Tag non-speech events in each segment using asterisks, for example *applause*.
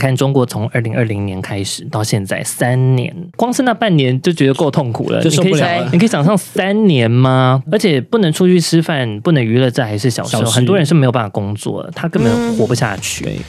看中國從二零二零年開始到現在三年，光是那半年就覺得夠痛苦了，就，就受不了了。你可以想，你可以想象三年嗎？嗯。而且不能出去吃飯，不能娛樂，這還是小，小時候，很多人是沒有辦法工作的，他根本活不下去。嗯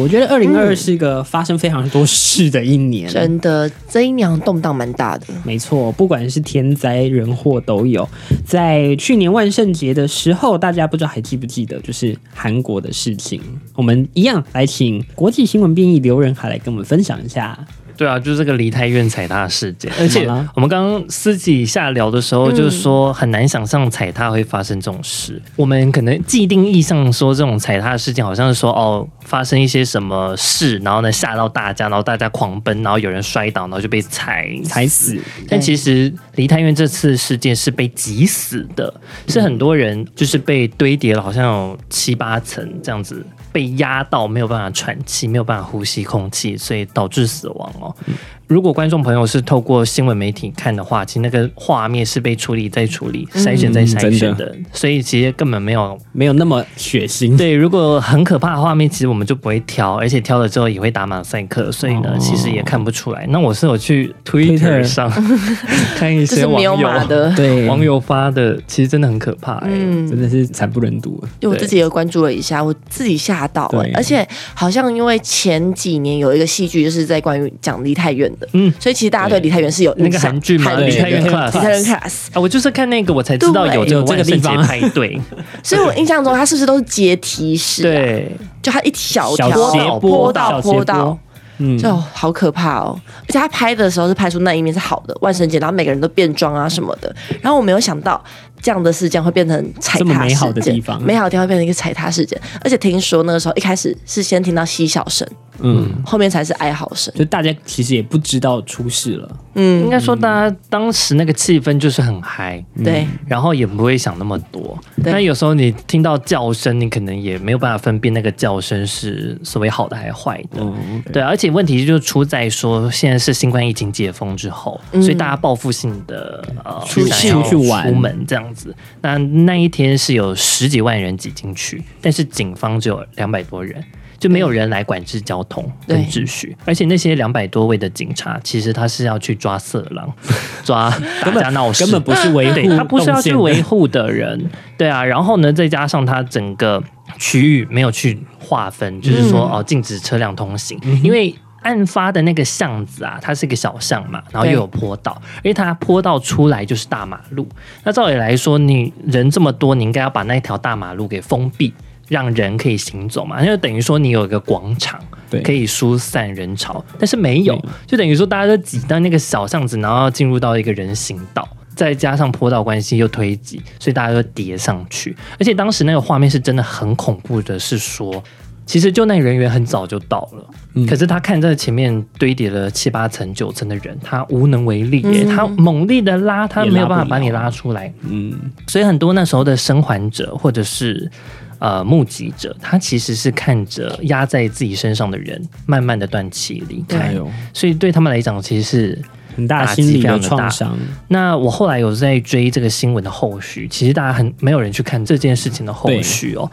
我覺得二零二二是一個發生非常多事的一年，真的這一年動盪蠻大的。沒錯，不管是天災人禍都有。在去年萬聖節的時候，大家不知道還記不記得，就是韓國的事情。我們一樣來請國際新聞編譯劉人豪來跟我們分享一下。對啊，就是這個梨泰院踩踏事件，而且我們剛剛私底下聊的時候，就是說很難想象踩踏會發生這種事。嗯、我們可能既定義上說這種踩踏事件，好像是說哦發生一些什麼事，然後呢嚇到大家，然後大家狂奔，然後有人摔倒，然後就被踩死踩死。但其實梨泰院這次事件是被擠死的，就是很多人就是被堆疊了，好像有七八層這樣子。被壓到沒有辦法喘氣，沒有辦法呼吸空氣，所以導致死亡哦。嗯如果觀眾朋友是透過新聞媒體看的話，其實那個畫面是被處理、再處理、篩、嗯、選，選、再篩選的，所以其實根本沒有沒有那麼血腥。對，如果很可怕的畫面，其實我們就不會挑，而且挑了之後也會打馬賽克，所以呢、哦，其實也看不出來。那我是有去推特上 *laughs* 看一些網友、就是、的對網友發的，其實真的很可怕、欸、嗯，真的是慘不忍睹。就我自己也關注了一下，我自己嚇到了，而且好像因為前幾年有一個戲劇，就是在關於梨泰院。嗯，所以其實大家對梨泰院是有那個韓劇嗎？梨泰院 class，梨泰院 class 啊，我就是看那個我才知道有這個萬聖節派對。對 *laughs* 所以我印象中他是不是都是階梯式？對，就他一條條小條坡道，坡道，坡道，嗯，就好可怕哦。而且他拍的時候是拍出那一面是好的萬聖節，然後每個人都變裝啊什麼的。然後我沒有想到這樣的事件會變成踩踏事件，這麼美好的地方，美好的地方會變成一個踩踏事件。而且聽說那個時候一開始是先聽到嬉笑聲。嗯，後面才是哀嚎聲，就大家其實也不知道出事了。嗯，應該說大家當時那個氣氛，就是很嗨，對，然後也不會想那麼多。但有時候你聽到叫聲，你可能也沒有辦法分辨那個叫聲是所謂好的還是壞的、嗯對。對，而且問題就出在說，現在是新冠疫情解封之後，嗯，所以大家報復性的出呃出去玩、出門這樣子。那那一天是有十幾萬人擠進去，但是警方只有兩百多人。就沒有人來管制交通跟秩序，而且那些兩百多位的警察，其實他是要去抓色狼， *laughs* 抓大家鬧事，根，根本不是維護、啊，他不是要去維護的人， *laughs* 對啊。然後呢，再加上他整個區域沒有去劃分、嗯，就是說哦，禁止車輛通行、嗯。因為案發的那個巷子啊，它是個小巷嘛，然後又有坡道，因為它坡道出來就是大馬路。那照理來說，你人這麼多，你應該要把那條大馬路給封閉，讓人可以行走嘛，那就等於說你有一個廣場，對，可以疏散人潮，但是沒有，就等於說大家都擠到那個小巷子，然後進入到一個人行道，再加上坡道關係又推擠，所以大家都疊上去。而且當時那個畫面是真的很恐怖的，是說其實救難人員很早就到了、嗯，可是他看在前面堆疊了七八層、九層的人，他無能為力、欸嗯，他猛力的拉，他沒有辦法把你拉出來。嗯，所以很多那時候的生還者或者是。呃，目擊者他其實是看着壓在自己身上的人慢慢的斷氣離開，哎，所以對他們來講其實是大很大的心理創傷。那我後來有在追這個新聞的後續，其實大家很沒有人去看這件事情的後續哦。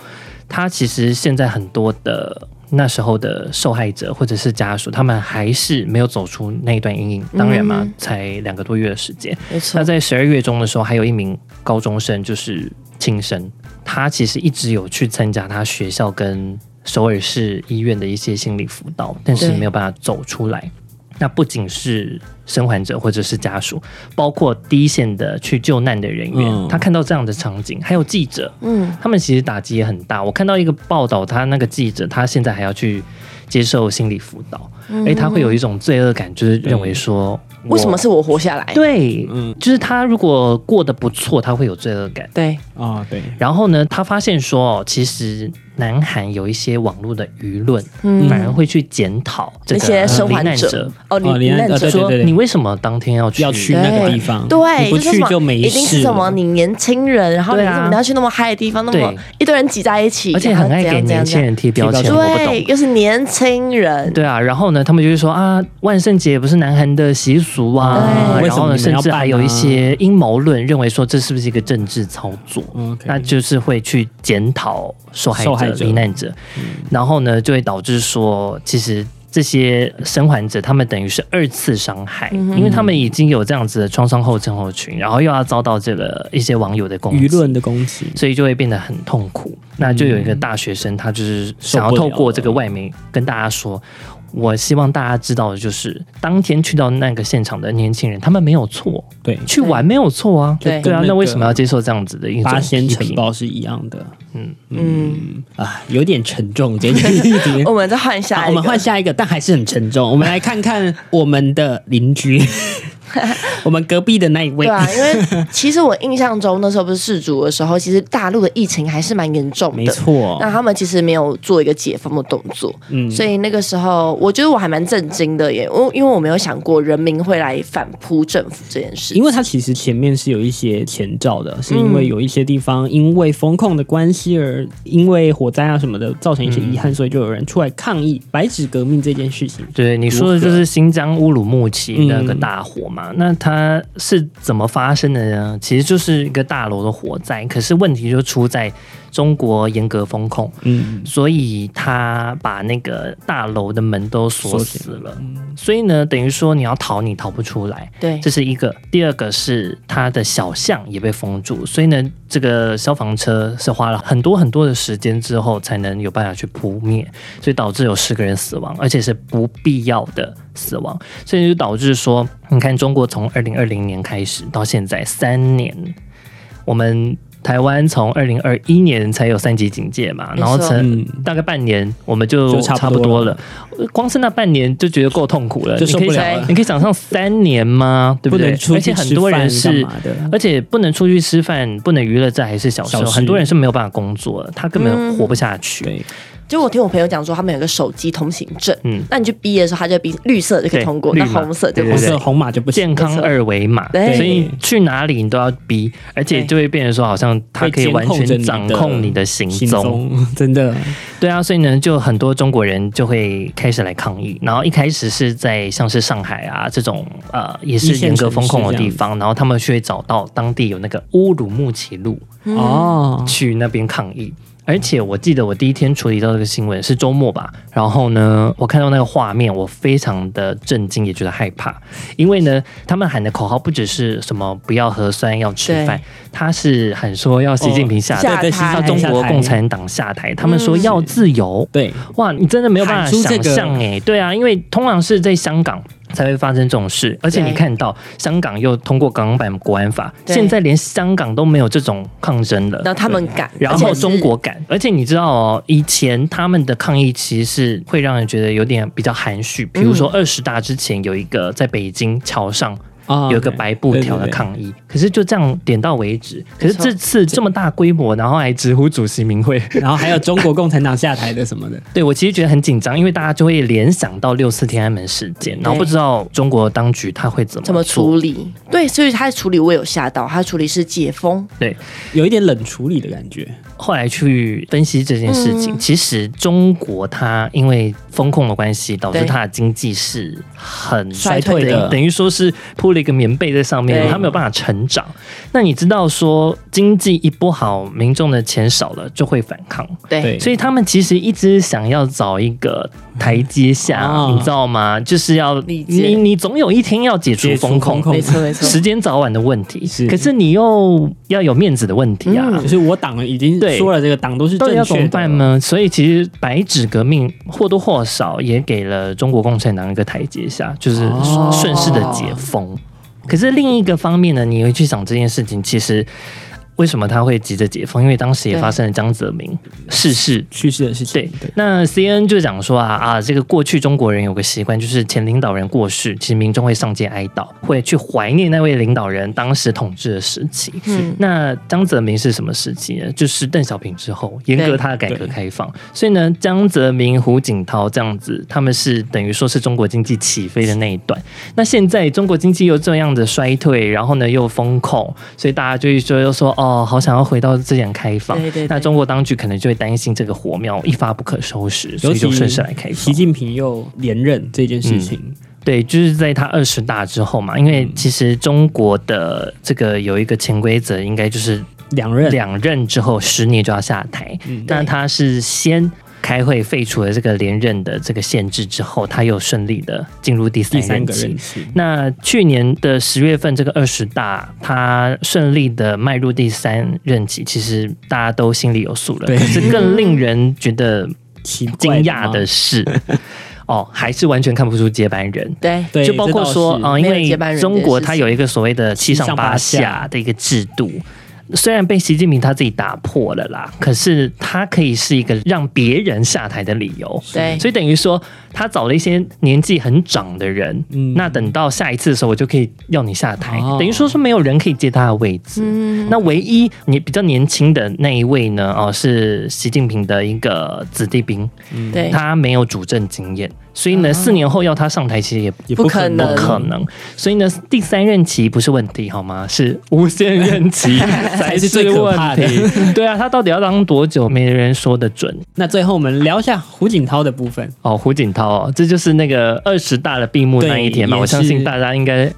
他、嗯、其實現在很多的那時候的受害者或者是家屬，他們還是沒有走出那一段陰影。當然嘛，嗯、才兩個多月的時間。沒錯。那在十二月中的時候，還有一名高中生就是輕生。他其實一直有去參加他學校跟首爾市醫院的一些心理輔導，但是沒有辦法走出來。那不僅是生還者或者是家屬，包括第一線的去救難的人員，嗯，他看到這樣的場景，還有記者，嗯，他們其實打擊也很大。我看到一個報道，他那個記者，他現在還要去接受心理輔導，嗯，誒，他會有一種罪惡感，就是認為說。嗯嗯為什麼是我活下來？對，嗯，就是他如果過得不錯，他會有罪惡感。對，哦，對。然後呢，他發現說，哦，其實。南韓有一些網絡的輿論，反、嗯、而會去檢討這些受害者。哦，罹難者說、喔、罹難者說對對對對，你為什麼當天要去，要去那個地方？對，對不去就沒事了。一定是什麼？你年輕人？然後你怎麼你要去那麼嗨的地方、啊？那麼一堆人擠在一起，而且很愛給年輕人貼標籤。對，又是年輕人。對啊，然後呢，他們就會說啊，萬聖節不是南韓的習俗啊？然後呢、啊，甚至還有一些陰謀論認為說這是不是一個政治操作？嗯 okay、那就是會去檢討受害者。罹難者，然後呢，就會導致說，其實這些生還者他們等於是二次傷害，因為他們已經有這樣子的創傷後症候群，然後又要遭到這個一些網友的攻擊，輿論的攻擊，所以就會變得很痛苦。那就有一個大學生，他就是想要透過這個外媒跟大家說。我希望大家知道的就是，當天去到那個現場的年輕人，他們沒有錯，對，去玩沒有錯啊，對，對啊對，那為什麼要接受這樣子的一 -P -P？八仙城堡是一樣的，嗯嗯，嗯，啊，有點沉重， *laughs* 今天我們再換下一個，我們換下一個，但還是很沉重。我們來看看我們的鄰居。 *laughs* *laughs* *laughs* 我們隔壁的那一位， *laughs* 對啊，因為其實我印象中那時候不是世足的時候，其實大陸的疫情還是蠻嚴重的，沒錯。那他們其實沒有做一個解封的動作，嗯，所以那個時候我覺得我還蠻震驚的，耶，因為因為我沒有想過人民會來反撲政府這件事，因為他其實前面是有一些前兆的，是因為有一些地方因為風控的關係而因為火災啊什麼的造成一些遺憾、嗯，所以就有人出來抗議“白紙革命”這件事情。對，你說的就是新疆烏魯木齊那個大火嗎。嗯那它是怎麼發生的呢？其實就是一個大樓的火災，可是問題就出在。中國嚴格封控，嗯，所以他把那個大樓的門都鎖死了。嗯。所以呢，等於說你要逃，你逃不出來。對，這是一個。第二個是他的小巷也被封住，所以呢，這個消防車是花了很多很多的時間之後，才能有辦法去撲滅，所以導致有十個人死亡，而且是不必要的死亡。所以就導致說，你看中國從二零二零年開始到現在三年，我們。台灣從二零二一年才有三級警戒嘛，然後成大概半年我們就差不多了，嗯、就差不多了，光是那半年就覺得夠痛苦了，就，就受不了了。你可以想象三年嗎？對不對？不而且很多人是，而且不能出去吃飯，不能娛樂，在還是小時候，很多人是沒有辦法工作，他根本活不下去。嗯就我聽我朋友講說，他們有個手機通行證。嗯，那你去逼的時候，他就逼綠色就可以通過，那紅色就不是紅碼，就不健康二維碼。對，所以去哪裡你都要逼，而且就會變成說，好像他可以完全掌控你的行蹤，的行蹤真的。對啊，所以呢，就很多中國人就會開始來抗議。然後一開始是在像是上海啊這種呃也是嚴格封控的地方，然後他們卻找到當地有那個烏魯木齊路哦、嗯，去那邊抗議。而且我記得我第一天處理到這個新聞是周末吧，然後呢，我看到那個畫面，我非常的震驚，也覺得害怕，因為呢，他們喊的口號不只是什麼不要核酸要吃飯，他是喊說要習近平下台，要、哦、中國共產黨下台，下台，他們說要自由、嗯，對，哇，你真的沒有辦法想象、欸，誒、這個。對啊，因為通常是在香港。才會發生這種事，而且你看到香港又通過港版國安法，現在連香港都沒有這種抗爭了，那他們敢，然後中國敢而，而且你知道哦，以前他們的抗議其實是會讓人覺得有點比較含蓄，比如說二十大之前有一個在北京橋上。嗯啊、oh, okay.，有一個白布條的抗議，對對對，可是就這樣點到為止。可是這次這麼大規模，然後還直呼主席名諱，然後還有中國共產黨下台的什麼的。 *laughs* 對，我其實覺得很緊張，因為大家就會聯想到六四天安門事件，然後不知道中國當局他會怎麼怎麼處理。對，所以他的處理我有嚇到，他處理是解封，對，有一點冷處理的感覺。後來去分析這件事情，嗯、其實中國他因為封控的關係，導致他的經濟是很衰退，退的，等於說是撲。那個棉被在上面，哦，他沒有辦法成長。那你知道說，經濟一不好，民眾的錢少了就會反抗。對，所以他們其實一直想要找一個台階下，嗯、你知道嗎？哦、就是要你你總有一天要解除封控，封控沒錯沒錯，時間早晚的問題是，可是你又要有面子的問題啊，就、嗯、是我黨已經說了這個對黨都是到底要怎麼辦呢？所以其實白紙革命或多或少也給了中國共產黨一個台階下，就是順勢的解封。哦可是另一個方面呢，你會去想這件事情，其實。為什麼他會急着解封？因為當時也發生了江澤民逝世、去世的事情。對，對那 C N 就講說啊啊，這個過去中國人有個習慣，就是前領導人過世，其實民眾會上街哀悼，會去懷念那位領導人當時統治的時期。嗯，那江澤民是什麼時期呢？就是鄧小平之後，嚴格他的改革開放。所以呢，江澤民、胡錦濤這樣子，他們是等於說是中國經濟起飛的那一段。那現在中國經濟又這樣子衰退，然後呢又封控，所以大家就是說又說哦。哦，好想要回到之前開放，那中國當局可能就會擔心這個火苗一發不可收拾，所以就順勢來開放。習近平又連任這件事情，嗯，對，就是在他二十大之後嘛，因為其實中國的這個有一個潛規則，應該就是兩任兩任之後十年就要下台，嗯，但他是先。開會廢除了這個連任的這個限制之後，他又順利的進入第三，第三個任期。那去年的十月份這個二十大，他順利的邁入第三任期，其實大家都心裡有數了。對，可是更令人覺得驚訝的是，的 *laughs* 哦，還是完全看不出接班人。對，就包括說，嗯、呃，因為中國它有一個所謂的七上八下的一個制度。雖然被習近平他自己打破了啦，可是他可以是一個讓別人下台的理由。對，所以等於說他找了一些年紀很長的人，嗯，那等到下一次的時候，我就可以要你下台。哦，等於說、說，是沒有人可以接他的位置，嗯。那唯一你比較年輕的那一位呢？哦，是習近平的一個子弟兵，對、嗯、他沒有主政經驗。所以呢、啊，四年後要他上台，其實也不可能也不可能。所以呢，第三任期不是問題，好嗎？是無限任期才是問題。對啊，他到底要當多久？沒人說得準。那最後我們聊一下胡錦濤的部分。哦，胡錦濤、哦，這就是那個二十大的閉幕那一天嘛。我相信大家應該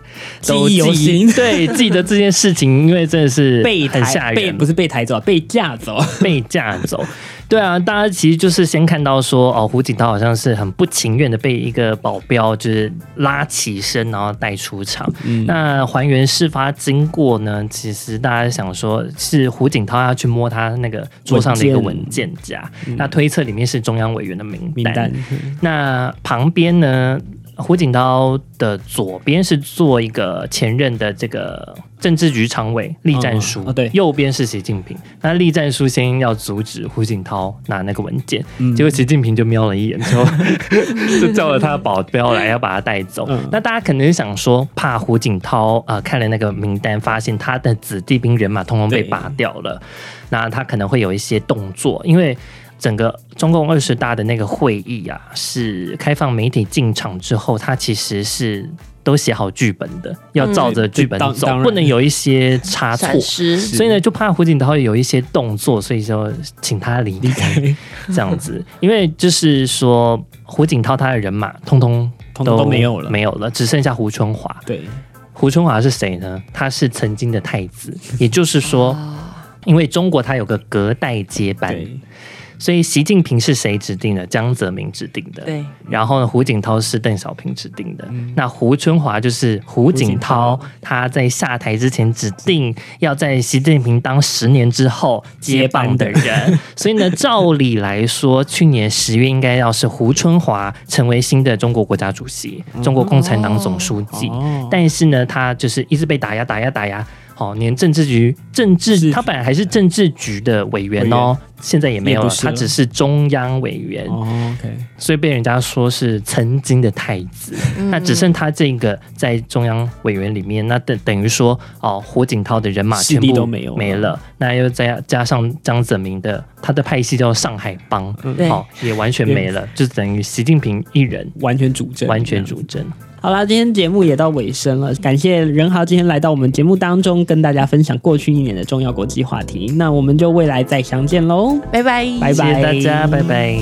都記得，對，記得這件事情，因為真的是被抬，被不是被抬走、啊，被架走，被架走。對啊，大家其實就是先看到說，哦，胡錦濤好像是很不情願的被一個保鏢就是拉起身，然後帶出場，嗯。那還原事發經過呢？其實大家想說，是胡錦濤要去摸他那個桌上的一個文件夾，嗯，那推測裡面是中央委員的名單、名單。那旁邊呢？胡錦濤的左邊是做一個前任的這個政治局常委栗戰書，嗯啊啊、對、右邊是習近平。那栗戰書先要阻止胡錦濤拿那個文件，嗯、結果習近平就瞄了一眼，之後 *laughs* 就叫了他的保鏢來要把他帶走、嗯。那大家可能想說，怕胡錦濤啊看了那個名單，發現他的子弟兵人馬通通被拔掉了。那他可能會有一些動作，因為整個中共二十大的那個會議啊，是開放媒體進場之後，他其實是都寫好劇本的，要照着劇本走、嗯嗯，不能有一些差錯。所以呢，就怕胡錦濤有一些動作，所以說請他離開這樣子。 *laughs* 因為就是說，胡錦濤他的人馬通通都沒有了，沒有了，只剩下胡春華。對，胡春華是誰呢？他是曾經的太子，也就是說。 *laughs* 因為中國它有個隔代接班，所以習近平是誰指定的？江澤民指定的。對，然後呢？胡錦濤是鄧小平指定的。嗯。那胡春華就是胡錦濤他在下台之前指定要在習近平當十年之後接班的人。所以，接班的 *laughs* 所以呢，照理來說，去年十月應該要是胡春華成為新的中國國家主席、中國共產黨總書記。哦。但是呢，他就是一直被打壓、打壓、打壓。哦，連政治局政治局他本來還是政治局的委員哦，員現在也沒有了，了，他只是中央委員。哦、OK，所以被人家說是曾經的太子，嗯。那只剩他這個在中央委員裡面，那等等於說哦，胡錦濤的人馬全部沒了都沒有沒了，那又再加上江澤民的，他的派系叫上海幫，好、嗯哦、也完全沒了，嗯、就等於習近平一人完全主政，完全主政。好啦，今天節目也到尾聲了，感謝人豪今天來到我們節目當中，跟大家分享過去一年的重要國際話題。那我們就未來再相見嘍，拜拜，謝謝大家，拜拜。